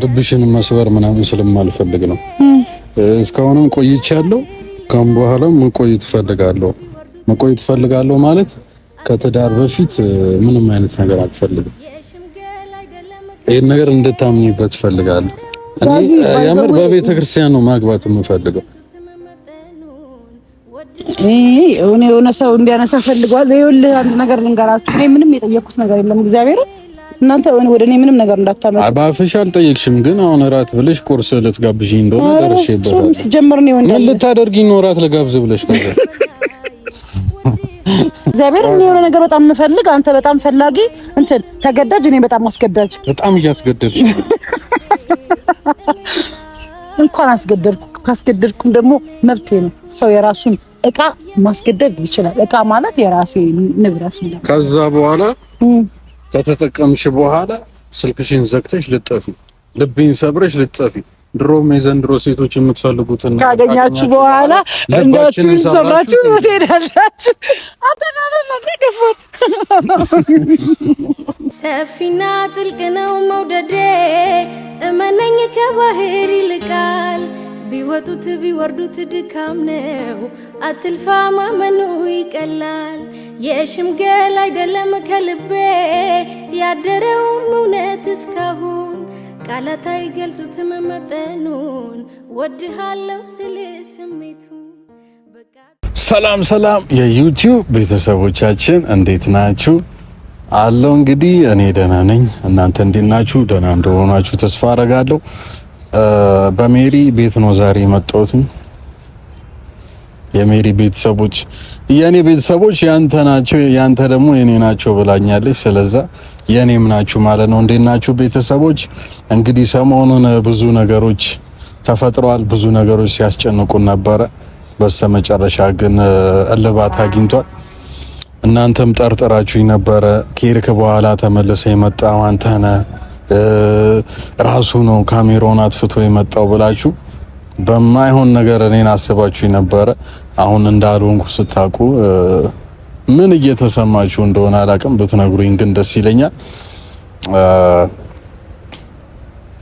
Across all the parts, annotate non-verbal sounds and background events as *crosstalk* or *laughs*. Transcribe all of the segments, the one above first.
ልብሽን መስበር ምናምን ስለማልፈልግ ነው። እስካሁንም ቆይቻለሁ። ከም በኋላም መቆየት እፈልጋለሁ። መቆየት እፈልጋለሁ ማለት ከትዳር በፊት ምንም አይነት ነገር አልፈልግም። ይህን ነገር እንድታምኝበት እፈልጋለሁ። እኔ የምር በቤተ ክርስቲያን ነው ማግባት የምፈልገው። የሆነ ሰው እንዲያነሳ ፈልገዋል። ይኸውልህ አንድ ነገር ልንገራችሁ። እኔ ምንም የጠየቅኩት ነገር የለም እግዚአብሔርን እናንተ ወደ እኔ ምንም ነገር እንዳታመጡ። በአፍሽ አልጠየቅሽም፣ ግን አሁን እራት ብለሽ ቁርስ ልትጋብዥኝ እንደሆነ ደርሼበታል። ሲጀምር ነው ወንድ ምን ልታደርጊኝ ነው? እራት ልጋብዝ ብለሽ ከዛ እግዚአብሔር እኔ የሆነ ነገር በጣም የምፈልግ አንተ በጣም ፈላጊ እንትን ተገዳጅ፣ እኔ በጣም አስገዳጅ። በጣም እያስገደድሽ እንኳን አስገደድኩ። ካስገደድኩም ደግሞ መብቴ ነው። ሰው የራሱን እቃ ማስገደድ ይችላል። እቃ ማለት የራሴ ንብረት ነው። ከዛ በኋላ ከተጠቀምሽ በኋላ ስልክሽን ዘግተሽ ልጠፊ፣ ልብኝ ሰብረሽ ልጠፊ። ድሮም የዘንድሮ ሴቶች የምትፈልጉትን ካገኛችሁ በኋላ እንዳችሁን ሰብራችሁ ትሄዳላችሁ። ደፋር ሰፊና ጥልቅ ነው መውደዴ፣ እመነኝ ከባህር ይልቃል ቢወጡት ቢወርዱት ድካም ነው። አትልፋ ማመኑ ይቀላል። የሽምገል አይደለም ከልቤ ያደረውም እውነት እስካሁን ቃላት አይገልጹትም መጠኑን ወድሃለው ስል ስሜቱ ሰላም ሰላም የዩቲዩብ ቤተሰቦቻችን እንዴት ናችሁ? አለው እንግዲህ እኔ ደህና ነኝ። እናንተ እንዴት ናችሁ? ደህና እንደሆናችሁ ተስፋ አረጋለሁ። በሜሪ ቤት ነው ዛሬ የመጣሁት። የሜሪ ቤተሰቦች የኔ ቤተሰቦች ያንተ ናቸው፣ ያንተ ደግሞ የኔ ናቸው ብላኛለች። ስለዛ የኔም ናችሁ ማለት ነው። እንዴት ናችሁ ቤተሰቦች? እንግዲህ ሰሞኑን ብዙ ነገሮች ተፈጥረዋል። ብዙ ነገሮች ሲያስጨንቁን ነበረ። በስተመጨረሻ ግን እልባት አግኝቷል። እናንተም ጠርጥራችሁኝ ነበረ። ከሄድክ በኋላ ተመልሰ የመጣው አንተ ነህ ራሱ ነው ካሜራውን አጥፍቶ የመጣው ብላችሁ በማይሆን ነገር እኔን አስባችሁ ነበረ። አሁን እንዳልሆንኩ ስታውቁ ምን እየተሰማችሁ እንደሆነ አላቅም ብትነግሩኝ ግን ደስ ይለኛል።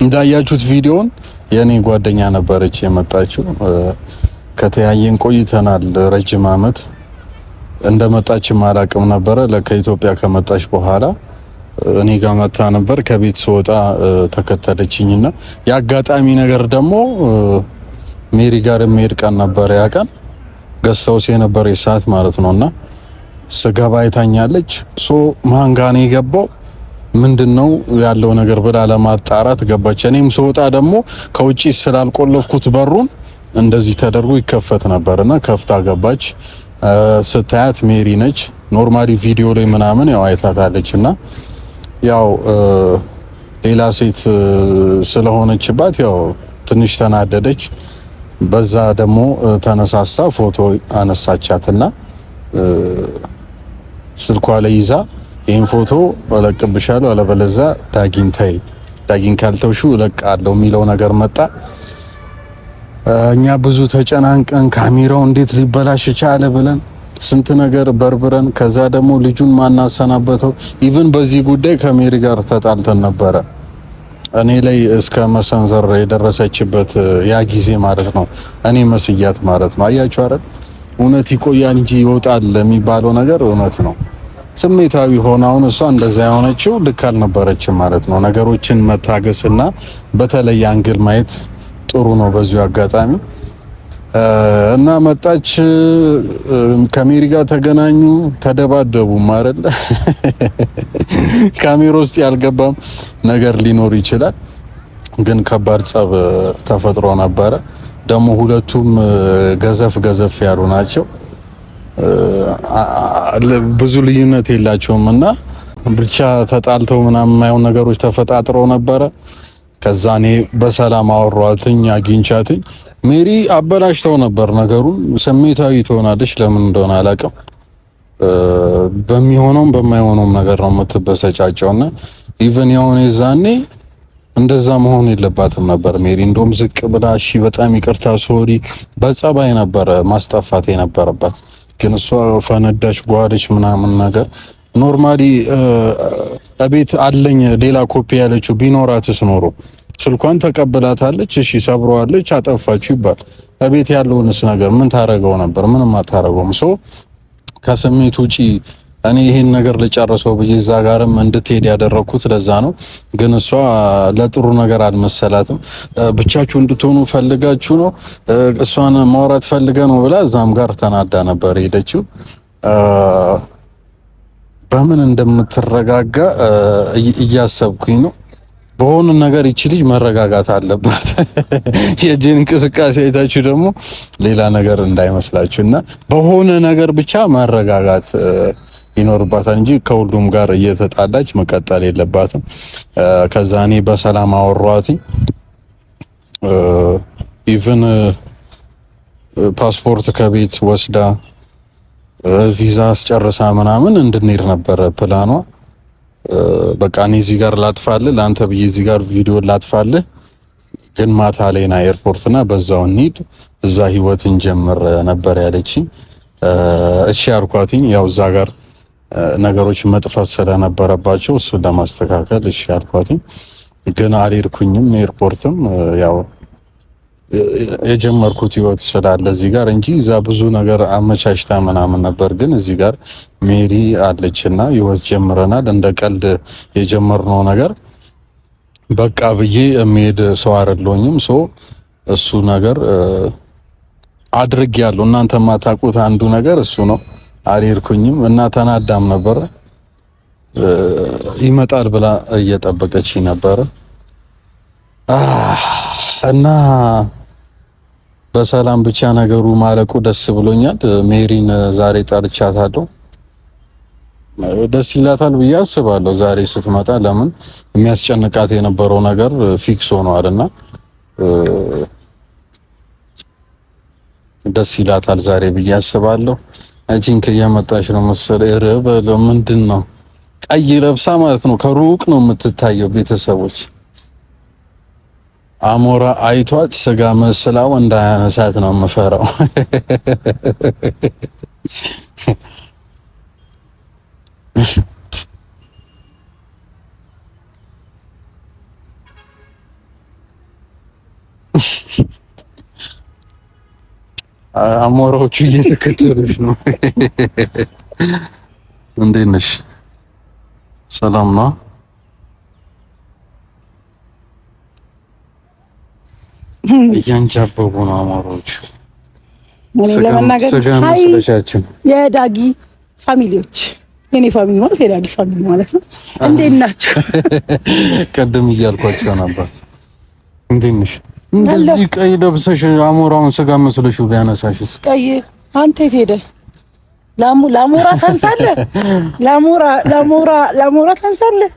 እንዳያችሁት ቪዲዮን የእኔ ጓደኛ ነበረች የመጣችው። ከተያየን ቆይተናል ረጅም አመት እንደመጣችም አላቅም ነበረ ለከኢትዮጵያ ከመጣች በኋላ እኔ ጋር መታ ነበር። ከቤት ስወጣ ተከተለችኝና የአጋጣሚ ነገር ደግሞ ሜሪ ጋር የሚሄድ ቀን ነበር። ያ ቀን ገዝተውስ የነበር የሰዓት ማለት ነውና ስገባ አይታኛለች። ሶ ማን ጋር ነው የገባው ምንድን ነው ያለው ነገር ብላ ለማጣራት ገባች። እኔም ስወጣ ደግሞ ከውጪ ስላልቆለፍኩት በሩን እንደዚህ ተደርጎ ይከፈት ነበርና ከፍታ ገባች። ስታያት ሜሪ ነች። ኖርማሊ ቪዲዮ ላይ ምናምን ያው አይታታለች እና ያው ሌላ ሴት ስለሆነችባት ያው ትንሽ ተናደደች። በዛ ደግሞ ተነሳሳ ፎቶ አነሳቻትና ስልኳ ላይ ይዛ ይህን ፎቶ እለቅብሻለሁ አለበለዛ ዳጊን ተይ ዳጊን ካልተውሹ እለቃለሁ የሚለው ነገር መጣ። እኛ ብዙ ተጨናንቀን ካሜራው እንዴት ሊበላሽ ቻለ ብለን ስንት ነገር በርብረን ከዛ ደግሞ ልጁን ማናሰናበተው። ኢቭን በዚህ ጉዳይ ከሜሪ ጋር ተጣልተን ነበረ። እኔ ላይ እስከ መሰንዘር የደረሰችበት ያ ጊዜ ማለት ነው። እኔ መስያት ማለት ነው። አያችሁ አይደል? እውነት ይቆያል እንጂ ይወጣል የሚባለው ነገር እውነት ነው። ስሜታዊ ሆነ። አሁን እሷ እንደዛ የሆነችው ልክ አልነበረችም ማለት ነው። ነገሮችን መታገስና በተለይ አንግል ማየት ጥሩ ነው። በዚሁ አጋጣሚ እና መጣች ከሜሪ ጋር ተገናኙ፣ ተደባደቡ ማረል *laughs* ካሜራ ውስጥ ያልገባም ነገር ሊኖር ይችላል፣ ግን ከባድ ጸብ ተፈጥሮ ነበረ። ደግሞ ሁለቱም ገዘፍ ገዘፍ ያሉ ናቸው፣ ብዙ ልዩነት የላቸውም እና ብቻ ተጣልተው ምናምን የማይሆን ነገሮች ተፈጣጥረው ነበረ። ከዛ እኔ በሰላም አወሯትኝ አግኝቻትኝ። ሜሪ አበላሽተው ነበር ነገሩን። ስሜታዊ ትሆናለች፣ ለምን እንደሆነ አላውቅም። በሚሆነውም በማይሆነውም ነገር ነው የምትበሰጫጨውና ኢቨን የሆነ ዛኔ እንደዛ መሆን የለባትም ነበር ሜሪ። እንደውም ዝቅ ብላ እሺ፣ በጣም ይቅርታ ሶሪ፣ በጸባይ ነበረ ማስጠፋት የነበረባት። ግን እሷ ፈነዳች፣ ጓደች ምናምን ነገር ኖርማሊ እቤት አለኝ ሌላ ኮፒ ያለችው ቢኖራትስ ኖሮ ስልኳን ተቀብላታለች፣ እሺ ሰብረዋለች፣ አጠፋችሁ ይባል። እቤት ያለውንስ ነገር ምን ታረገው ነበር? ምንም አታረገውም። ሶ ከስሜት ውጪ እኔ ይሄን ነገር ልጨርሰው ብዬ እዛ ጋርም እንድትሄድ ያደረኩት ለዛ ነው። ግን እሷ ለጥሩ ነገር አልመሰላትም። ብቻችሁ እንድትሆኑ ፈልጋችሁ ነው እሷን ማውራት ፈልገ ነው ብላ እዛም ጋር ተናዳ ነበር ሄደችው። በምን እንደምትረጋጋ እያሰብኩኝ ነው። በሆነ ነገር ይቺ ልጅ መረጋጋት አለባት። *laughs* የእጅን እንቅስቃሴ አይታችሁ ደግሞ ሌላ ነገር እንዳይመስላችሁ እና በሆነ ነገር ብቻ መረጋጋት ይኖርባታል እንጂ ከሁሉም ጋር እየተጣላች መቀጠል የለባትም። ከዛ እኔ በሰላም አወሯትኝ። ኢቭን ፓስፖርት ከቤት ወስዳ ቪዛ አስጨርሳ ምናምን እንድንሄድ ነበረ ፕላኗ። በቃ እኔ እዚህ ጋር ላጥፋልህ፣ ለአንተ ብዬ እዚህ ጋር ቪዲዮ ላጥፋልህ፣ ግን ማታ ላይ ና ኤርፖርትና በዛው እንሂድ፣ እዛ ህይወት እንጀምር ነበር ያለችኝ። እሺ አልኳትኝ። ያው እዛ ጋር ነገሮች መጥፋት ስለነበረባቸው እሱን ለማስተካከል እሺ አልኳትኝ። ግን አልሄድኩኝም ኤርፖርትም ያው የጀመርኩት ህይወት ስላለ እዚህ ጋር እንጂ እዛ ብዙ ነገር አመቻችታ ምናምን ነበር። ግን እዚህ ጋር ሜሪ አለችና ህይወት ጀምረናል። እንደ ቀልድ የጀመርነው ነገር በቃ ብዬ የሚሄድ ሰው አይደለሁኝም። ሶ እሱ ነገር አድርግ ያለው እናንተ ማታቁት አንዱ ነገር እሱ ነው። አልሄድኩኝም እና ተናዳም ነበር ይመጣል ብላ እየጠበቀች ነበር እና በሰላም ብቻ ነገሩ ማለቁ ደስ ብሎኛል። ሜሪን ዛሬ ጠርቻታለሁ። ደስ ይላታል ብዬ አስባለሁ። ዛሬ ስትመጣ ለምን የሚያስጨንቃት የነበረው ነገር ፊክስ ሆኗልና ደስ ይላታል ዛሬ ብዬ አስባለሁ። አይ ቲንክ እየመጣች ነው መሰለኝ። ኧረ ምንድን ነው ቀይ ለብሳ ማለት ነው። ከሩቅ ነው የምትታየው ቤተሰቦች አሞራ አይቷት ስጋ መስላው እንዳያነሳት ነው የምፈራው። አሞራዎቹ እየተከተሉሽ ነው። እንዴት ነሽ? ሰላም ነው። እያንጃበቡ ነው አማሮቹ። ለመናገር የዳጊ ፋሚሊዎች የኔ ፋሚሊ ማለት የዳጊ ፋሚሊ ማለት ነው። እንዴት ናቸው? ቀደም *laughs* እያልኳቸው ነበር። እንዴት ነሽ? እንደዚህ ቀይ ለብሰሽ አሞራውን ስጋ መስለሽ ቢያነሳሽስ? ቀይ አንተ የት ሄደህ? ላሞራ ታንሳለህ? *laughs* ላሞራ ላሞራ ላሞራ ታንሳለህ?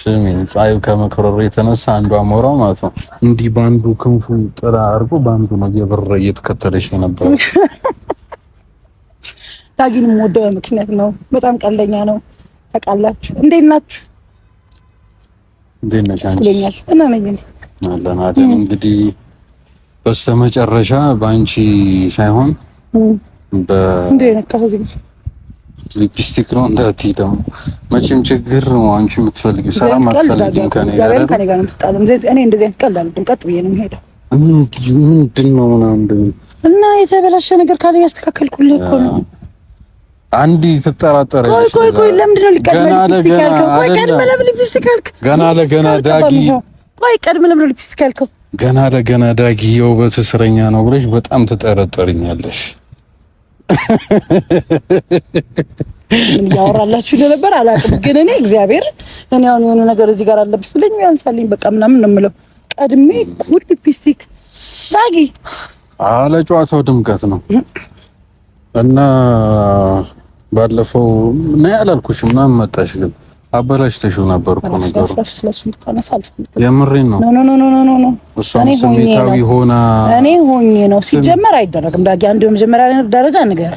ስሚ ፀሐዩ ከመክረሩ የተነሳ አንዱ አሞራ ማለት ነው እንዲህ በአንዱ ክንፉ ጥራ አድርጎ በአንዱ ነው የበረ እየተከተለሽ ነበር። ዳጊን የምወደው ምክንያት ነው። በጣም ቀልደኛ ነው። ታውቃላችሁ። እንዴት ናችሁ? እንዴት ነሽ? ስኩለኛል እና ነኝ አለን አለን። እንግዲህ በስተመጨረሻ በአንቺ ሳይሆን በእንዴ ነካ በ ሊፕስቲክ ነው እንዳትሄድ። አሁን መቼም ችግር ነው። አንቺ የምትፈልጊው ሰላም አትፈልጊም። ከኔ ጋር ከኔ ጋር ነው የምትጣለው። እኔ እንደዚህ አይነት ቀልድ አልወድም። ቀጥ ብዬ ነው የምሄደው። ምንድን ነው ምናምን እና የተበላሸ ነገር ካለ እያስተካከልኩልህ እኮ ነው። አንድ ተጠራጠረ። ቆይ ቆይ ቆይ፣ ለምንድን ነው ሊቀድመህ ሊፕስቲክ ለምን ሊፕስቲክ ገና ለገና ዳጊ፣ ቆይ ቀድም ለምን ሊፕስቲክ ያልከው? ገና ለገና ዳጊ የውበት እስረኛ ነው ብለሽ በጣም ትጠረጠርኛለሽ። ምን እያወራላችሁ እንደነበር አላውቅም፣ ግን እኔ እግዚአብሔር እኔ አሁን የሆነ ነገር እዚህ ጋር አለብሽ ብለኝ ያንሳልኝ በቃ ምናምን ነው የምለው። ቀድሜ ኩል ሊፕስቲክ ዳጊ ለጨዋታው ድምቀት ነው እና ባለፈው ነይ አላልኩሽ ምናምን መጣሽ ግን አበላሽተሽው ነበር እኮ ነገሩ። የምሬን ነው። ኖ ኖ እሷም ስሜታዊ ሆና እኔ ሆኜ ነው። ሲጀመር አይደረግም። ዳጊ አንድ በመጀመሪያ ደረጃ ነገር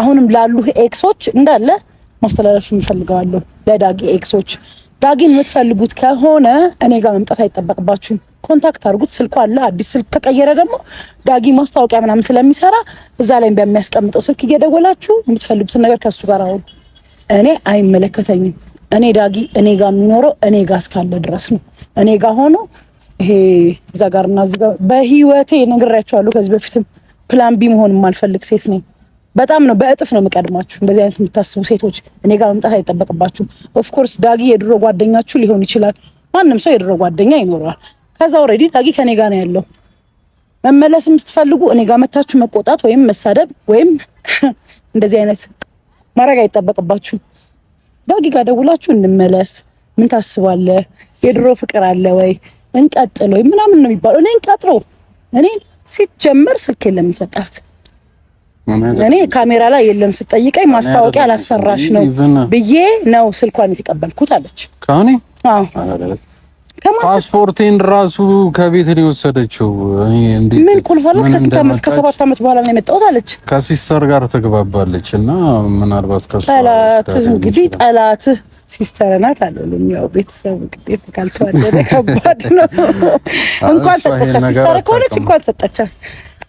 አሁንም ላሉ ኤክሶች እንዳለ ማስተላለፍ እንፈልገዋለሁ። ለዳጊ ኤክሶች ዳጊን የምትፈልጉት ከሆነ እኔ ጋር መምጣት አይጠበቅባችሁም። ኮንታክት አድርጉት። ስልኩ አለ። አዲስ ስልክ ከቀየረ ደግሞ ዳጊ ማስታወቂያ ምናምን ስለሚሰራ እዛ ላይ በሚያስቀምጠው ስልክ እየደወላችሁ የምትፈልጉትን ነገር ከእሱ ጋር አሁን እኔ አይመለከተኝም። እኔ ዳጊ እኔ ጋር የሚኖረው እኔ ጋር እስካለ ድረስ ነው። እኔ ጋር ሆኖ ይሄ እዛ ጋር እና እዚህ ጋር በህይወቴ ነግሬያቸዋለሁ። ከዚህ በፊትም ፕላን ቢ መሆን የማልፈልግ ሴት ነኝ። በጣም ነው በእጥፍ ነው የምቀድማችሁ። እንደዚህ አይነት የምታስቡ ሴቶች እኔ ጋር መምጣት አይጠበቅባችሁም። ኦፍኮርስ ዳጊ የድሮ ጓደኛችሁ ሊሆን ይችላል። ማንም ሰው የድሮ ጓደኛ ይኖረዋል። ከዛ ኦልሬዲ ዳጊ ከኔ ጋር ነው ያለው። መመለስ ስትፈልጉ እኔ ጋር መታችሁ መቆጣት ወይም መሳደብ ወይም *laughs* እንደዚህ አይነት ማድረግ አይጠበቅባችሁም። ዳጊ ጋር ደውላችሁ እንመለስ፣ ምን ታስባለህ፣ የድሮ ፍቅር አለ ወይ እንቀጥል ወይ ምናምን ነው የሚባለው። እኔ ቀጥሮ እኔ ሲጀመር ስልክ የለም ሰጣት እኔ ካሜራ ላይ የለም ስጠይቀኝ ማስታወቂያ አላሰራሽ ነው ብዬ ነው ስልኳን የተቀበልኩት አለች። አዎ ፓስፖርቴን ራሱ ከቤት ላይ ወሰደችው። ምን ቁልፍ አላት? ከስንት ዓመት ከሰባት ዓመት በኋላ ነው የመጣሁት አለች። ከሲስተር ጋር ተግባባለች እና ምናልባት ከሱ ጠላትህ እንግዲህ ጠላትህ ሲስተር ናት አለሉም። ያው ቤተሰብ ግዴታ ካልተዋደደ ከባድ ነው። *laughs* እንኳን ሰጠቻት ሲስተር ከሆነች እንኳን ሰጠቻት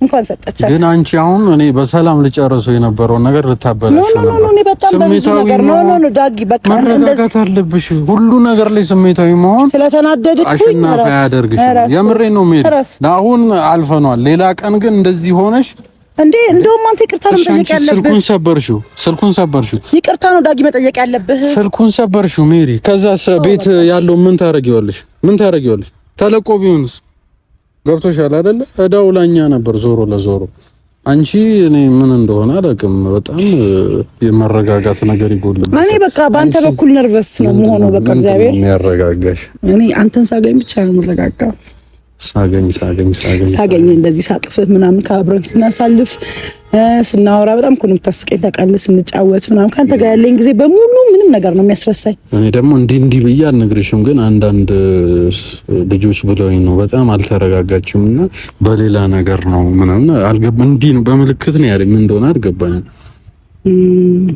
እንኳን ሰጠቻት። ግን አንቺ አሁን እኔ በሰላም ልጨርሰው የነበረውን ነገር ልታበላሽ ነው። ኖ እኔ በጣም በብዙ ነገር ነው ኖ ኖ ዳጊ፣ በቃ መረጋጋት አለብሽ። ሁሉ ነገር ላይ ስሜታዊ መሆን ስለተናደድኩኝ አሸናፊ አያደርግሽ። የምሬ ነው። ሜድ አሁን አልፈኗል። ሌላ ቀን ግን እንደዚህ ሆነሽ እንዴ እንደውም አንተ ይቅርታ ነው መጠየቅ ያለብህ። ስልኩን ሰበርሽው፣ ስልኩን ሰበርሽው። ይቅርታ ነው ዳጊ መጠየቅ ያለብህ። ስልኩን ሰበርሽው ሜሪ። ከዛ ቤት ያለው ምን ታረጊዋለሽ? ምን ታረጊዋለሽ? ተለቆ ቢሆንስ ገብቶሻል አይደለ? እዳው ላኛ ነበር ዞሮ ለዞሮ አንቺ እኔ ምን እንደሆነ አላውቅም። በጣም የመረጋጋት ነገር ይጎልብኝ። እኔ በቃ በአንተ በኩል ነርቨስ ነው የምሆነው። በቃ እግዚአብሔር የሚያረጋጋሽ እኔ አንተን ሳገኝ ብቻ ነው የምረጋጋው። ሳገኝ ሳገኝ ሳገኝ ሳገኝ እንደዚህ ሳቅፍህ ምናምን ከአብረን ስናሳልፍ ስናወራ በጣም እኮ ነው የምታስቀኝ ታውቃለህ። ስንጫወት ምናምን ከአንተ ጋር ያለኝ ጊዜ በሙሉ ምንም ነገር ነው የሚያስረሳኝ። እኔ ደግሞ እንዲህ እንዲህ ብዬ አልነግርሽም፣ ግን አንዳንድ ልጆች ብለውኝ ነው በጣም አልተረጋጋችም እና በሌላ ነገር ነው ምናምን አልገባ እንዲህ ነው በምልክት ነው ያለኝ። ምን እንደሆነ አልገባኝም።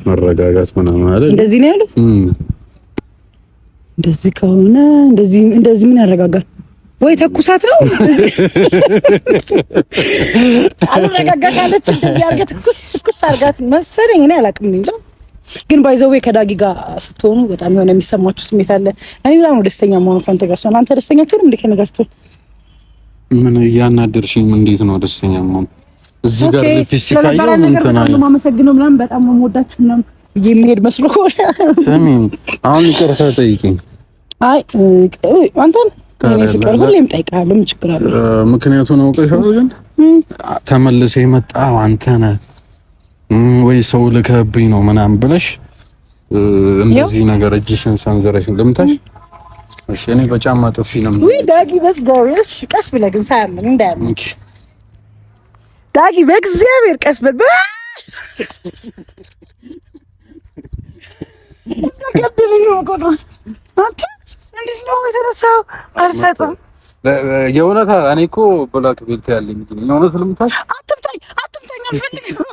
መረጋጋት ምናምን አለ እንደዚህ ነው ያለው። እንደዚህ ከሆነ እንደዚህ እንደዚህ ምን ያረጋጋል? ወይ ተኩሳት ነው አልረጋጋ እንደዚህ አርጋ ትኩስ ትኩስ አርጋት መሰለኝ። እኔ አላውቅም እንጂ ግን ባይዘዌ ከዳጊ ጋር ስትሆኑ በጣም የሆነ የሚሰማችሁ ስሜት አለ። እኔ በጣም ነው ደስተኛ መሆኑ ከአንተ ጋር ስትሆን። አንተ ደስተኛ ትሆን እንዴ ከእኔ ጋር ስትሆን? ምን እያናደርሽኝ እንዴት ነው ደስተኛ መሆን? እዚህ ጋር ለፒሲ ካየው ምን ተናለ ማመሰግነው ምናምን በጣም ነው የምወዳችሁ ምናምን የሚሄድ መስሎ ከሆነ ስሚኝ፣ አሁን ይቅርታ ጠይቂኝ። አይ አንተን ፍቅር ሁሌም እጠይቅሃለሁ። ምክንያቱን ግን የመጣው አንተ ነህ ወይ ሰው ልከብኝ ነው ምናምን ብለሽ እንደዚህ ነገር እጅሽን ሰንዝረሽ ልምታሽ። እሺ እኔ በጫማ ጥፊ ነው ወይ ዳጊ? በስ ጋውስ ቀስ ብለህ ግን ሳያምን እንዳያምን ዳጊ፣ በእግዚአብሔር ቀስ *laughs* ነው ቆጥሮስ አንተ እንዴት ነው የተነሳው? አልሰጥም። የእውነት እኔ እኮ ብላክ ቤልት ያለኝ ግን የእውነት ልምታሽ አትምታኝ፣ አትምታኝ አልፈልግም።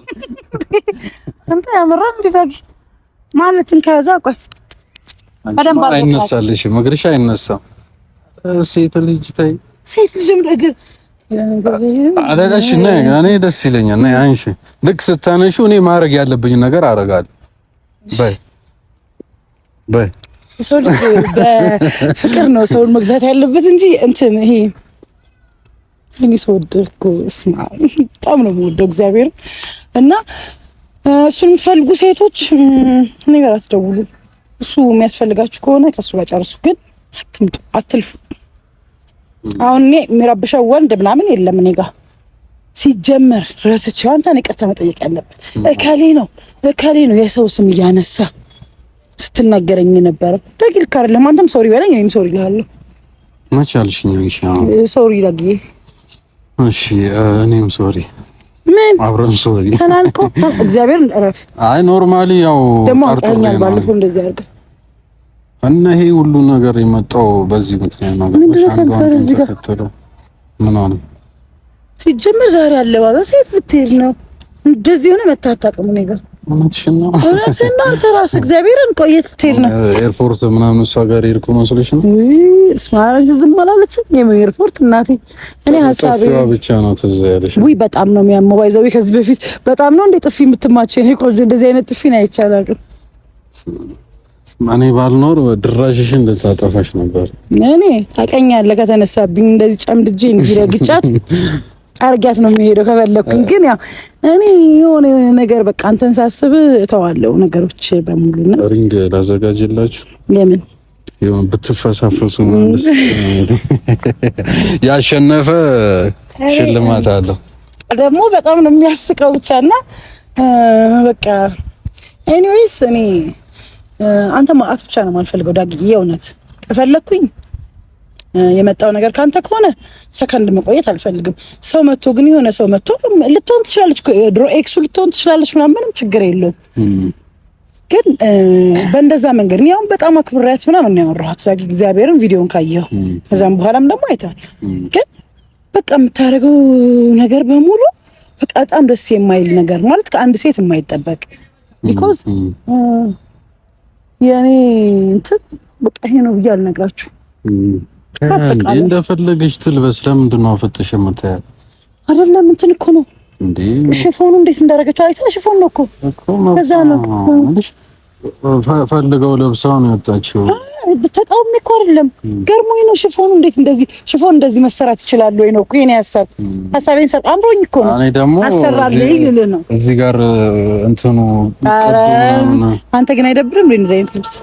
እንትን ከያዛ ቆይ አይነሳልሽ፣ እግርሽ አይነሳም። ሴት ልጅ ታይ፣ ሴት ልጅም እግር ነኝ እኔ ደስ ይለኛል። ነኝ አንሺ ልክ ስታነሺው እኔ ማድረግ ያለብኝ ነገር አደርጋለሁ። በይ በይ ሰው ልጅ በፍቅር ነው ሰውን መግዛት ያለበት እንጂ እንትን ይሄ እኔ ስወድ እኮ እስማ በጣም ነው የምወደው እግዚአብሔር እና እሱን የምትፈልጉ ሴቶች እኔ ጋር አትደውሉ። እሱ የሚያስፈልጋችሁ ከሆነ ከእሱ ጋር ጨርሱ፣ ግን አትምጡ፣ አትልፉ። አሁን እኔ የሚረብሸው ወንድ ምናምን የለም እኔ ጋር ሲጀመር ረስቼ አንተን ይቅርታ መጠየቅ ያለብን እከሌ ነው እከሌ ነው የሰው ስም እያነሳ ስትናገረኝ የነበረ ዳጊ ልክ አይደለም። አንተም ሶሪ በለኝ፣ እኔም ሶሪ እልሃለሁ። መቼ አልሽኝ? ሶሪ ዳጊ። እሺ እኔም ሶሪ። ምን አብረን ሶሪ ተናንቆ እግዚአብሔር ረፍ። አይ ኖርማሊ ያው ጠርቶኛል ባለፈው እንደዚህ አድርገህ እና ይሄ ሁሉ ነገር የመጣው በዚህ ምክንያት ነው። ምን ሆነ ሲጀመር ዛሬ አለባበስ የት ብትሄድ ነው እንደዚህ ሆነ መታጣቀሙ ነገር እውነትሽን ነው እውነትህን ነው። እግዚአብሔርን ቆየት ልትሄድ ነው ኤርፖርት ምናምን እሷ ጋር ሄድኩ መስሎሽ ነው። ስማረጅ ዝም አላለችም። ኤርፖርት እናቴ እኔ ሀሳቤ ብቻ ነው ትዝ ያለሽ። ውይ በጣም ነው የሚያመው። ባይዘው ከዚህ በፊት በጣም ነው እንደ ጥፊ የምትማቸው። እኔ ቆንጆ እንደዚህ አይነት ጥፊ ነው አይቻላል። እኔ ባልኖር ድራሽሽ እንድታጠፋሽ ነበር። እኔ ታውቀኛለህ ከተነሳብኝ እንደዚህ ጨምድጄ እንዲረግጫት *laughs* አርጊያት ነው የሚሄደው። ከፈለግኩኝ ግን ያው እኔ የሆነ የሆነ ነገር በቃ አንተን ሳስብ እተዋለሁ ነገሮች በሙሉ ነው። ሪንግ ላዘጋጅላችሁ። የምን ይሁን ብትፈሳፈሱ ማለት *laughs* ያሸነፈ ሽልማት አለው። ደግሞ በጣም ነው የሚያስቀው። ብቻና በቃ ኤኒዌይስ እኔ አንተ ማአት ብቻ ነው የማልፈልገው ዳግዬ። የእውነት ከፈለግኩኝ የመጣው ነገር ካንተ ከሆነ ሰከንድ መቆየት አልፈልግም። ሰው መቶ ግን የሆነ ሰው መቶ ልትሆን ትችላለች፣ ድሮ ኤክሱ ልትሆን ትችላለች ምናምንም ችግር የለውም። ግን በእንደዛ መንገድ እኔ አሁን በጣም አክብሬያት ምናምን ያወራኋት ላ እግዚአብሔርን ቪዲዮን ካየው ከዛም በኋላም ደግሞ አይታል። ግን በቃ የምታደርገው ነገር በሙሉ በቃ በጣም ደስ የማይል ነገር ማለት ከአንድ ሴት የማይጠበቅ ቢኮዝ የእኔ እንትን በቃ ይሄ ነው ብዬ አልነግራችሁ እንደፈለገች ትልበስ። ለምንድን ነው አፈጥሽ የምታያል? አይደለም እንትን እኮ ነው እንዴ ሽፎኑ እንዴት እንዳደረገችው አይተህ። ሽፎን ነው እኮ በዛ ነው ፈልገው ለብሳው ነው የወጣችው። ተቃውሞ እኮ አይደለም ገርሞኝ ነው። ሽፎኑ እንዴት እንደዚህ ሽፎን እንደዚህ መሰራት ይችላል ወይ ነው እኮ የኔ ሀሳብ። ሀሳቤን ሰጥ አምሮኝ እኮ ነው። እኔ ደግሞ አሰራለኝ ልልህ ነው እዚህ ጋር እንትኑ። አንተ ግን አይደብርም እንደዚህ አይነት ልብስ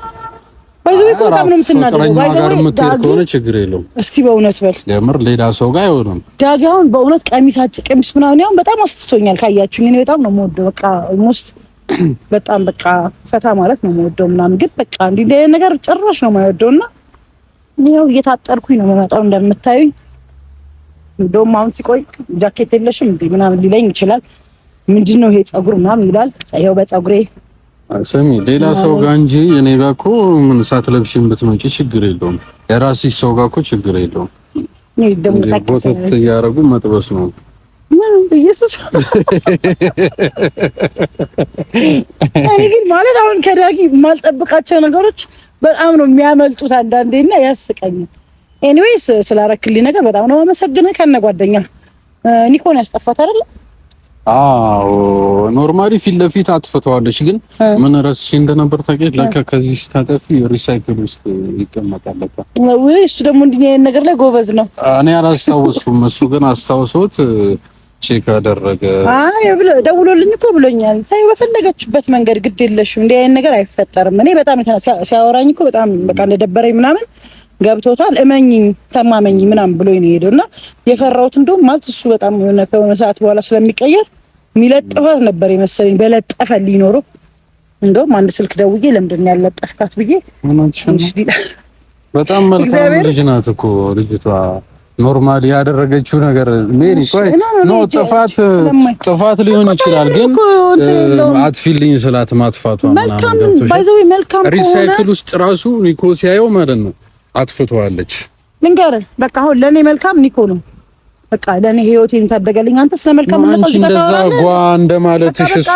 ባይዘው እኮ ነው የምትናደደው። ባይዘው ዳጊ ከሆነ ችግር የለውም። እስቲ በእውነት በል የምር ሌላ ሰው ጋር አይሆንም። ዳጊ አሁን በእውነት ቀሚሳጭ ቀሚስ ምናምን ያሁን በጣም አስጥቶኛል። ካያችሁኝ እኔ በጣም ነው የምወደው። በቃ ኦልሞስት *clears throat* በጣም በቃ ፈታ ማለት ነው የምወደው ምናምን፣ ግን በቃ እንዲህ እንደ ነገር ጭራሽ ነው የማይወደውና ያው እየታጠርኩኝ ነው የምመጣው እንደምታዩኝ። እንደውም አሁን ሲቆይ ጃኬት የለሽም እንዴ ምናምን ሊለኝ ይችላል። ምንድን ነው ይሄ ፀጉር ምናምን ይላል። ፀየው በፀጉሬ ስሚ ሌላ ሰው ጋር እንጂ እኔ ጋር እኮ ምን ሳትለብሽም ብትመጪ ችግር የለውም። የራስሽ ሰው ጋር እኮ ችግር የለውም። ቦተት እያደረጉ መጥበስ ነው። *laughs* እኔ ግን ማለት አሁን ከዳጊ የማልጠብቃቸው ነገሮች በጣም ነው የሚያመልጡት አንዳንዴ እና ያስቀኛል። ኤኒዌይስ ስላረክልኝ ነገር በጣም ነው አመሰግነ ከነ ጓደኛ ኒኮን ያስጠፋት አይደለ አዎ ኖርማሊ ፊት ለፊት አጥፍተዋለች። ግን ምን ረስቼ እንደነበር ታውቂያለሽ? ለካ ከዚህ ስታጠፊ ሪሳይክል ውስጥ ይቀመጣል። ለካ ወይ እሱ ደግሞ እንዲህ ዓይነት ነገር ላይ ጎበዝ ነው። እኔ አላስታወስኩም፣ እሱ ግን አስታውሶት ቼክ አደረገ። አይ ደውሎልኝ እኮ ብሎኛል። ሳይ በፈለገችበት መንገድ ግድ የለሽም፣ እንዲህ ዓይነት ነገር አይፈጠርም። እኔ በጣም ሲያወራኝ እኮ በጣም በቃ እንደደበረኝ ምናምን ገብቶታል እመኝኝ ተማመኝ ምናምን ብሎ ነው የሄደው እና የፈራሁት እንደውም ማለት እሱ በጣም የሆነ ከሆነ ሰዓት በኋላ ስለሚቀየር የሚለጥፋት ነበር የመሰለኝ በለጠፈ ሊኖረው እንደውም አንድ ስልክ ደውዬ ለምንድን ነው ያለጠፍካት ብዬ በጣም መልካም ልጅ ናት እኮ ልጅቷ ኖርማል ያደረገችው ነገር ሜሪ ቆይ ኖ ጥፋት ጥፋት ሊሆን ይችላል፣ ግን አትፊልኝ ስላት ማጥፋቷ ምናምን ገብቶሻል። ሪሳይክል ውስጥ ራሱ እኮ ሲያየው ማለት ነው አጥፍተዋለች። ልንገርህ በቃ አሁን ለኔ መልካም ኒኮ ነው። በቃ ለኔ ህይወቴን ታደገልኝ አንተ ስለ ምን ነው ታውቃለህ። እንደዛ ጓ እንደማለትሽ እሷ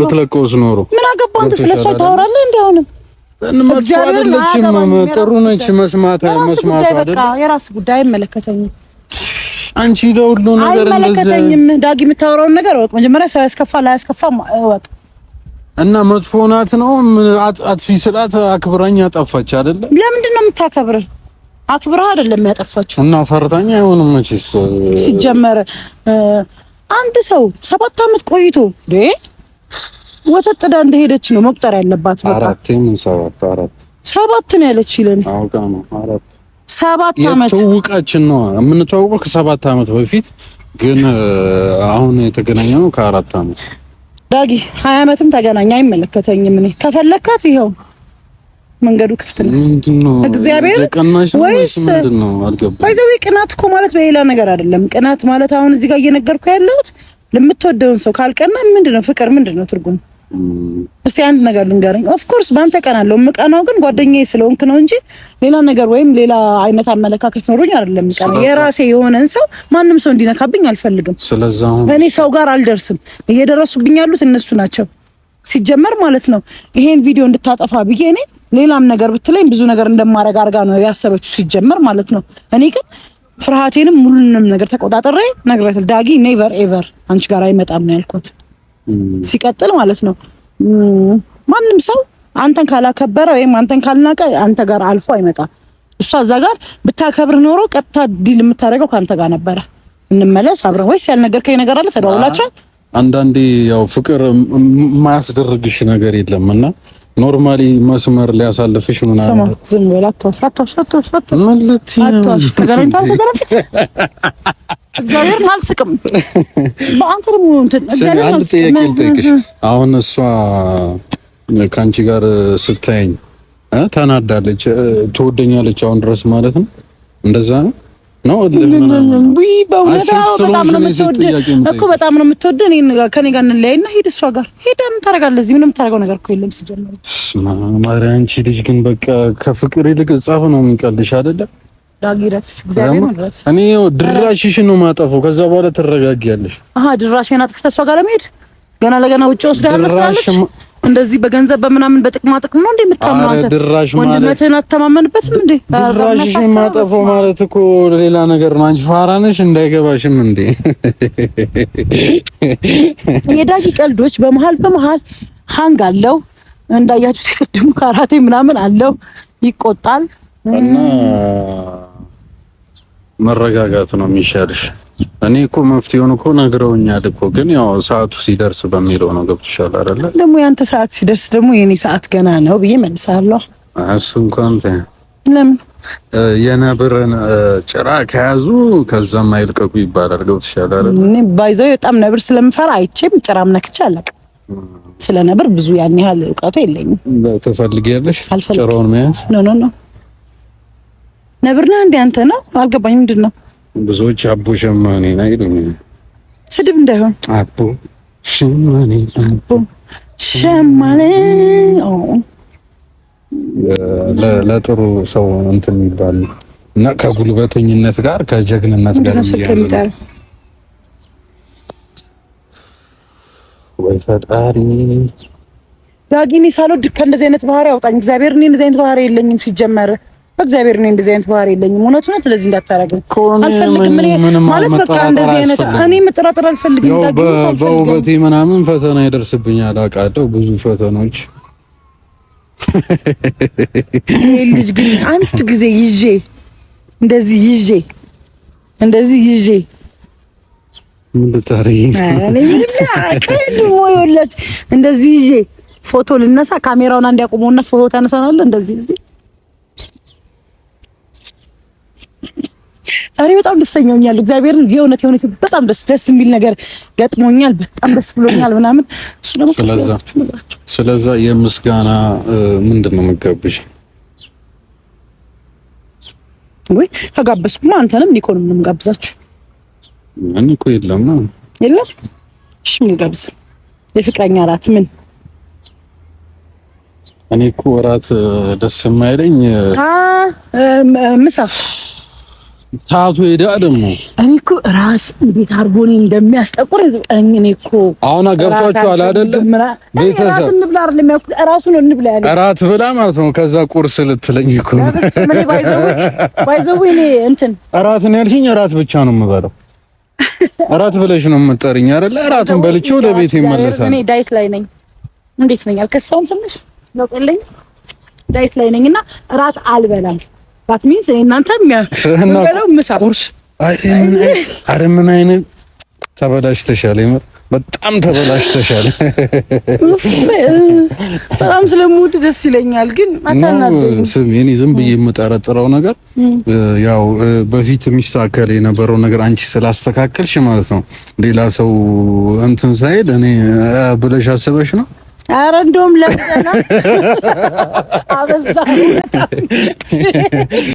ብትለቀውስ ኖሮ ምን አገባ አንተ ስለ እሷ ታወራለህ። እንደሆነ አይደለችም ጥሩ ነች። መስማት መስማት አይደለም የራስ ጉዳይ አይመለከተኝም። አንቺ ለሁሉ ነገር እንደዚህ አይመለከተኝም። ዳጊ የምታወራውን ነገር ወቅ መጀመሪያ ሰው ያስከፋ ላያስከፋ ወቅ እና መጥፎ ናት ነው አጥፊ ስላት አክብራኝ ያጠፋች አይደለ? ለምንድን ነው የምታከብርህ? አክብራ አይደለም ያጠፋችው። እና ፈርታኝ አይሆንም መቼስ። ሲጀመር አንድ ሰው ሰባት አመት ቆይቶ ዴ ወተት ጥዳ እንደሄደች ነው መቁጠር ያለባት። በቃ አራት ምን ሰባት አራት ሰባት ነው ያለች ይለን አውቃ ነው አራት ሰባት አመት የተዋወቃችን ነው የምንተዋወቀው ከሰባት አመት በፊት ግን አሁን የተገናኘ ነው ከአራት አመት ዳጊ ሀያ አመትም ተገናኝ፣ አይመለከተኝም። እኔ ከፈለካት ይኸው መንገዱ ክፍት ነው። እግዚአብሔር ወይስ ባይዘዊ ቅናት እኮ ማለት በሌላ ነገር አይደለም። ቅናት ማለት አሁን እዚህ ጋር እየነገርኩ ያለሁት ለምትወደውን ሰው ካልቀና ምንድነው ፍቅር ምንድነው ትርጉም እስቲ አንድ ነገር ልንገርኝ። ኦፍኮርስ በአንተ ቀናለሁ። የምቀናው ግን ጓደኛዬ ስለሆንክ ነው እንጂ ሌላ ነገር ወይም ሌላ አይነት አመለካከት ኖሮኝ አይደለም ቀና የራሴ የሆነን ሰው ማንም ሰው እንዲነካብኝ አልፈልግም። እኔ ሰው ጋር አልደርስም። እየደረሱብኝ ያሉት እነሱ ናቸው። ሲጀመር ማለት ነው ይሄን ቪዲዮ እንድታጠፋ ብዬ እኔ ሌላም ነገር ብትለኝ ብዙ ነገር እንደማደርግ አድርጋ ነው ያሰበችው ሲጀመር ማለት ነው። እኔ ግን ፍርሃቴንም ሙሉንም ነገር ተቆጣጠሬ ነግሬታለሁ። ዳጊ ኔቨር ኤቨር አንቺ ጋር አይመጣም ነው ያልኩት። ሲቀጥል ማለት ነው ማንም ሰው አንተን ካላከበረ ወይም አንተን ካልናቀ አንተ ጋር አልፎ አይመጣም። እሷ እዛ ጋር ብታከብር ኖሮ ቀጥታ ዲል የምታደርገው ከአንተ ጋር ነበረ። እንመለስ አብረን። ወይስ ያልነገርከኝ ነገር አለ? ተደዋውላችኋል? አንዳንዴ ያው ፍቅር የማያስደርግሽ ነገር የለም እና ኖርማሊ መስመር ሊያሳልፍሽ ምናምን ዝም ብላ አትዋሽ አትዋሽ አትዋሽ አትዋሽ አልስቅም። አንድ ጥያቄ አሁን እሷ ከአንቺ ጋር ስታየኝ ተናዳለች። ትወደኛለች አሁን ድረስ ማለት ነው። እንደዛ ነው ነው በጣም ነው የምትወደ ከኔ ጋር እንለያይና ሂድ እሷ ጋር ሄደህ ምን ታደርጋለህ? እዚህ ምንም ታደርገው ነገር እኮ የለም። ሲጀምር ማሪ አንቺ ልጅ ግን በቃ ከፍቅር ይልቅ ጻፍ ነው የሚቀልሽ አይደለ? እኔ ድራሽሽን ነው ማጠፈው። ከዛ በኋላ ትረጋጊያለሽ። አሀ ድራሽን አጥፍተህ እሷ ጋር ለመሄድ ገና ለገና ውጭ ወስደህ መስላለች እንደዚህ በገንዘብ በምናምን በጥቅማ ጥቅም ነው እንዴ የምታምነው አንተ? ወንድምህን አትተማመንበትም እንዴ? ድራሽ ማጠፎ ማለት እኮ ሌላ ነገር ነው። አንቺ ፋራ ነሽ እንዳይገባሽም እንዴ። የዳጊ ቀልዶች በመሀል በመሀል ሀንግ አለው እንዳያችሁት፣ የቅድሙ ካራቴ ምናምን አለው ይቆጣል እና መረጋጋት ነው የሚሻልሽ። እኔ እኮ መፍትሄውን እኮ ነግረውኛል እኮ ግን ያው ሰዓቱ ሲደርስ በሚለው ነው። ገብቶሻል አይደለ? ደግሞ ያንተ ሰዓት ሲደርስ ደግሞ የኔ ሰዓት ገና ነው ብዬ መልሳለሁ። እሱ እንኳን ለምን የነብርን ጭራ ከያዙ ከዛም አይልቀቁ ይባላል። ገብቶሻል አይደለ? እኔ ባይዘው በጣም ነብር ስለምፈራ አይቼም ጭራም ነክቼ አላውቅም። ስለ ነብር ብዙ ያን ያህል እውቀቱ የለኝም። ትፈልጊያለሽ? ጭራውን መያዝ ኖ ኖ ኖ። ነብርና ነህ እንደ አንተ ነው አልገባኝ። ምንድን ነው ብዙዎች አቦ ሸማኔ ነው ይሉኝ ስድብ እንዳይሆን አቦ ሸማኔ አቦ ሸማኔ ለጥሩ ሰው እንትን የሚባል እና ከጉልበተኝነት ጋር ከጀግንነት ጋር የሚያዝ ወይ ፈጣሪ ዳጊኔ ሳልወድ እንደዚህ አይነት ባህሪ አውጣኝ እግዚአብሔር። እኔ እንደዚህ አይነት ባህሪ የለኝም ሲጀመር በእግዚአብሔር ነው እንደዚህ አይነት ባህሪ የለኝም። እውነት እውነት ለዚህ እንዳታረገ አልፈልግም። ማለት በቃ እንደዚህ አይነት እኔ መጠራጠር አልፈልግም። በውበቴ ምናምን ፈተና ይደርስብኛል አውቃለሁ። ብዙ ፈተኖች ልጅ ግን አንድ ጊዜ ይዤ እንደዚህ ይዤ እንደዚህ ይዤ ምን ልታረጊኝ? እንደዚህ ይዤ ፎቶ ልነሳ ካሜራውን አንድ ያቆመውና ፎቶ ታነሳናለ እንደዚህ ዛሬ በጣም ደስተኛ ሆኛለሁ። እግዚአብሔርን የእውነት የእውነት በጣም ደስ ደስ የሚል ነገር ገጥሞኛል። በጣም ደስ ብሎኛል ምናምን። ስለዛ ስለዛ የምስጋና ምንድን ነው የምትጋብዥ? ወይ ከጋበዝኩማ አንተንም ኒኮንም ነው የምጋብዛችሁ። ኒኮ የለም ነው የለም። እሺ ምን ጋብዝ? የፍቅረኛ እራት ምን እኔ እኮ እራት ደስ የማይለኝ ምሳ ታቱ ሄዳ ደግሞ እኔ እኮ ራስ እንዴት አድርጎ እኔ እንደሚያስጠቁር እኔ እኮ አሁን ገብቷችኋል አይደለ? ቤተሰብ ራሱ ነው እንብላ ያለ እራት ብላ ማለት ነው። ከዛ ቁርስ ልትለኝ እኮ ባይዘው እኔ እንትን እራት ነው ያልሽኝ። እራት ብቻ ነው የምበለው። እራት ብለሽ ነው የምጠሪኝ አይደለ? እራቱን በልቼ ወደ ቤት ይመለሳል። እኔ ዳይት ላይ ነኝ። እንዴት ነኝ? አልከሳውም። ትንሽ ነው ዳይት ላይ ነኝና እራት አልበላም ዛት ሚንስ እናንተ ቁርስ አረ ምን አይነት ተበላሽተሻል። ይመር በጣም ተበላሽተሻል። በጣም ስለምወድ ደስ ይለኛል፣ ግን አታናደኝ። እኔ ዝም ብዬ የምጠረጥረው ነገር ያው በፊት የሚስተካከል የነበረው ነገር አንቺ ስላስተካከልሽ ማለት ነው። ሌላ ሰው እንትን ሳይል እኔ ብለሽ አስበሽ ነው ኧረ እንደውም ለምደና አበዛ።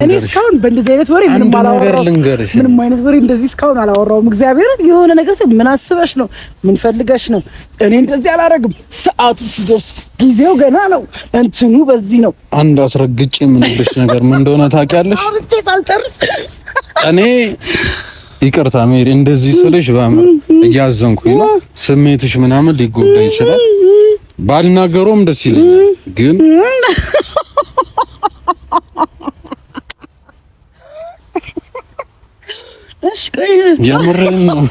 እኔ እስካሁን በእንደዚህ አይነት ወሬ ምንም አላወራሁም። ምንም አይነት ወሬ እንደዚህ እስካሁን አላወራሁም። እግዚአብሔር የሆነ ነገር ሲል ምን አስበሽ ነው? ምን ፈልገሽ ነው? እኔ እንደዚህ አላረግም። ሰዓቱ ሲደርስ ጊዜው ገና ነው። እንትኑ በዚህ ነው። አንድ አስረግጬ የምንብሽ ነገር ምን እንደሆነ ታውቂያለሽ? እኔ ይቅርታ ሜሪ፣ እንደዚህ ስልሽ እያዘንኩኝ ነው። ስሜትሽ ምናምን ሊጎዳ ይችላል ባልናገሮም ደስ ይለኛል፣ ግን የምሬን ነው።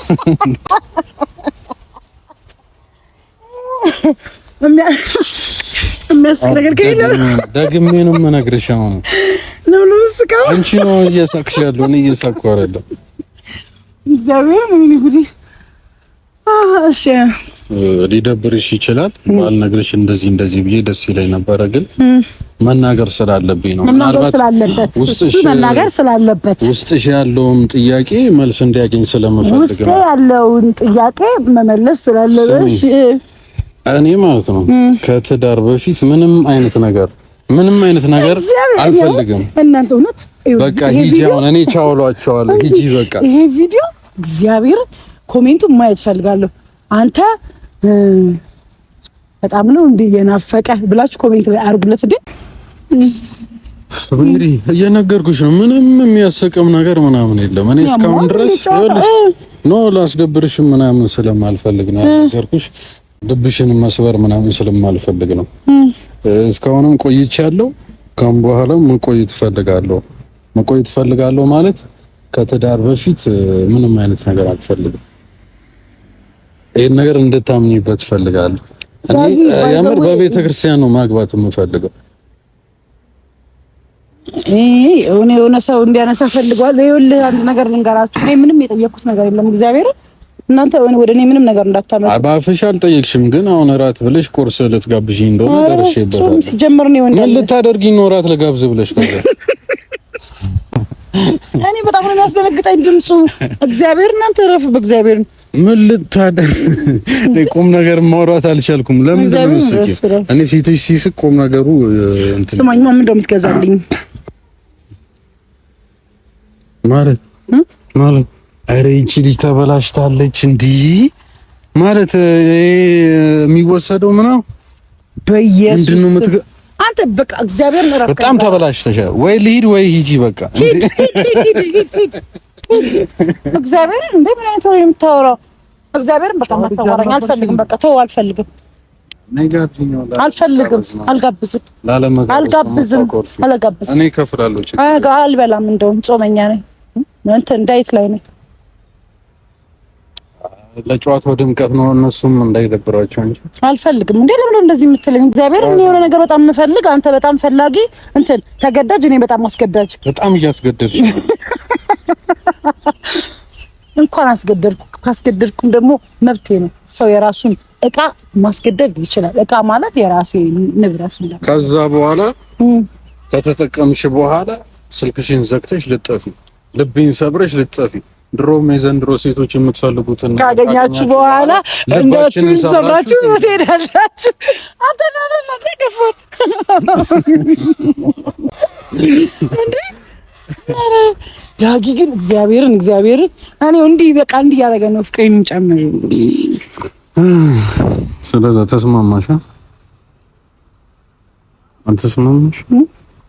ደግሜ ነው የምነግርሽ። አሁን አንቺ ነው እየሳቅሽ ያለው፣ እኔ እየሳቅኩ አይደለም። እግዚአብሔር ምን እሺ ሊደብርሽ ይችላል። ባልነግርሽ እንደዚህ እንደዚህ ብዬ ደስ ይለኝ ነበረ፣ ግን መናገር ስላለብኝ ነው። ምናልባት መናገር ስላለበት ውስጥሽ ያለውን ጥያቄ መልስ እንዲያገኝ ስለምፈልግ ነው። ውስጥ ያለውን ጥያቄ መመለስ ስላለበት እኔ ማለት ነው ከትዳር በፊት ምንም አይነት ነገር ምንም አይነት ነገር አልፈልግም። እናንተ እውነት በቃ ሂጂ፣ አሁን እኔ ቻውሏቸዋለሁ። ሂጂ በቃ ይሄ ቪዲዮ እግዚአብሔር ኮሜንቱን ማየት ፈልጋለሁ አንተ በጣም ነው እንዴ የናፈቀ ብላችሁ ኮሜንት ላይ አርጉለት። እንዴ እንግዲህ እየነገርኩሽ ነው፣ ምንም የሚያስቅም ነገር ምናምን የለም። እኔ እስካሁን ድረስ ኖ ላስደብርሽም ምናምን ስለማልፈልግ ነው ያልነገርኩሽ፣ ልብሽን መስበር ምናምን ስለማልፈልግ ነው። እስካሁንም ቆይቻለሁ። ከም በኋላ መቆየት እፈልጋለሁ። መቆየት እፈልጋለሁ ማለት ከትዳር በፊት ምንም አይነት ነገር አልፈልግም። ይህን ነገር እንድታምኝበት እፈልጋለሁ። የምር በቤተ ክርስቲያን ነው ማግባት የምፈልገው። እኔ የሆነ ሰው እንዲያነሳ ፈልገዋል። ይኸውልህ አንድ ነገር ልንገራችሁ፣ እኔ ምንም የጠየኩት ነገር የለም እግዚአብሔር እናንተ ወደ እኔ ምንም ነገር እንዳታመጡ። ባፍሽ አልጠየቅሽም፣ ግን አሁን እራት ብለሽ ቁርስ ልትጋብዥ እንደሆነ ደርሼበታለሁ። ሲጀመር ነው ወንድ ምን ልታደርጊ ነው? እራት ልጋብዝ ብለሽ ከዛ እኔ በጣም ነው የሚያስደነግጠኝ ድምፁ። እግዚአብሔር እናንተ ረፍ በእግዚአብሔር ምን ልታደር ቁም ነገር ማውራት አልቻልኩም። ለምን እኔ ፊትሽ ሲስቅ ቁም ነገሩ ስማኝ፣ ምን እንደምትገዛልኝ ማለት ማለት አረ ይቺ ልጅ ተበላሽታለች እንዲህ ማለት የሚወሰደው ምናምን በኢየሱስ አንተ በቃ እግዚአብሔር ምራፍ በጣም ተበላሽተሻል። ወይ ልሂድ ወይ ሂጂ በቃ እግዚአብሔር እንደ ምን አይነት ወሬ የምታወራው? እግዚአብሔርን በቃ ማታወራኝ አልፈልግም። በቃ ተው፣ አልፈልግም፣ አልፈልግም፣ አልጋብዝም፣ አልጋብዝም፣ አልጋብዝም። እኔ አልበላም። እንደውም ጾመኛ ነኝ፣ እንትን ዳይት ላይ ነኝ። ለጨዋታው ድምቀት ነው፣ እነሱም እንዳይደብራቸው እንጂ አልፈልግም። እንዴ ለምን እንደዚህ የምትለኝ? እግዚአብሔር እኔ የሆነ ነገር በጣም የምፈልግ አንተ በጣም ፈላጊ እንትን ተገዳጅ፣ እኔ በጣም አስገዳጅ፣ በጣም እያስገደድሽ *laughs* እንኳን አስገደድኩ። ካስገደድኩም ደግሞ መብቴ ነው። ሰው የራሱን እቃ ማስገደድ ይችላል። እቃ ማለት የራሴ ንብረት ነው። ከዛ በኋላ ከተጠቀምሽ በኋላ ስልክሽን ዘግተሽ ልጠፊ፣ ልብኝ ሰብረሽ ልጠፊ። ድሮም የዘንድሮ ሴቶች የምትፈልጉትን ካገኛችሁ በኋላ እንዳችሁን ሰብራችሁ ትሄዳላችሁ። አተናለና *laughs* እንዴ ዳጊ ግን እግዚአብሔርን እግዚአብሔርን እኔ እንዲህ በቃ እንዲህ እያደረገ ነው ፍቅሬን ጨምር። ስለዛ ተስማማሽ? አልተስማማሽ?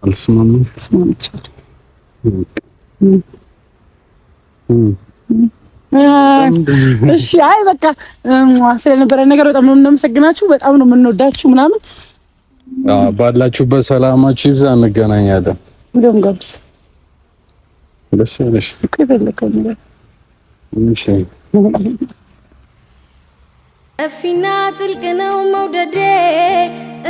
አልተስማማሽ? ተስማምቻለሁ። እሺ አይ በቃ ስለነበረ ነገር በጣም ነው የምናመሰግናችሁ፣ በጣም ነው የምንወዳችሁ ምናምን። ባላችሁበት ሰላማችሁ ይብዛ። እንገናኛለን። ደም ጋብስ ደስ ያለሽ እኮ የፈለከው ነገር ሰፊና ጥልቅ ነው መውደዴ፣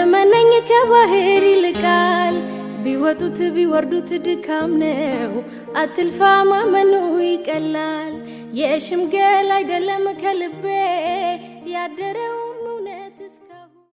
እመነኝ ከባህር ይልቃል። ቢወጡት ቢወርዱት ድካም ነው፣ አትልፋ ማመኑ ይቀላል። የሽምገል አይደለም ከልቤ ያደረው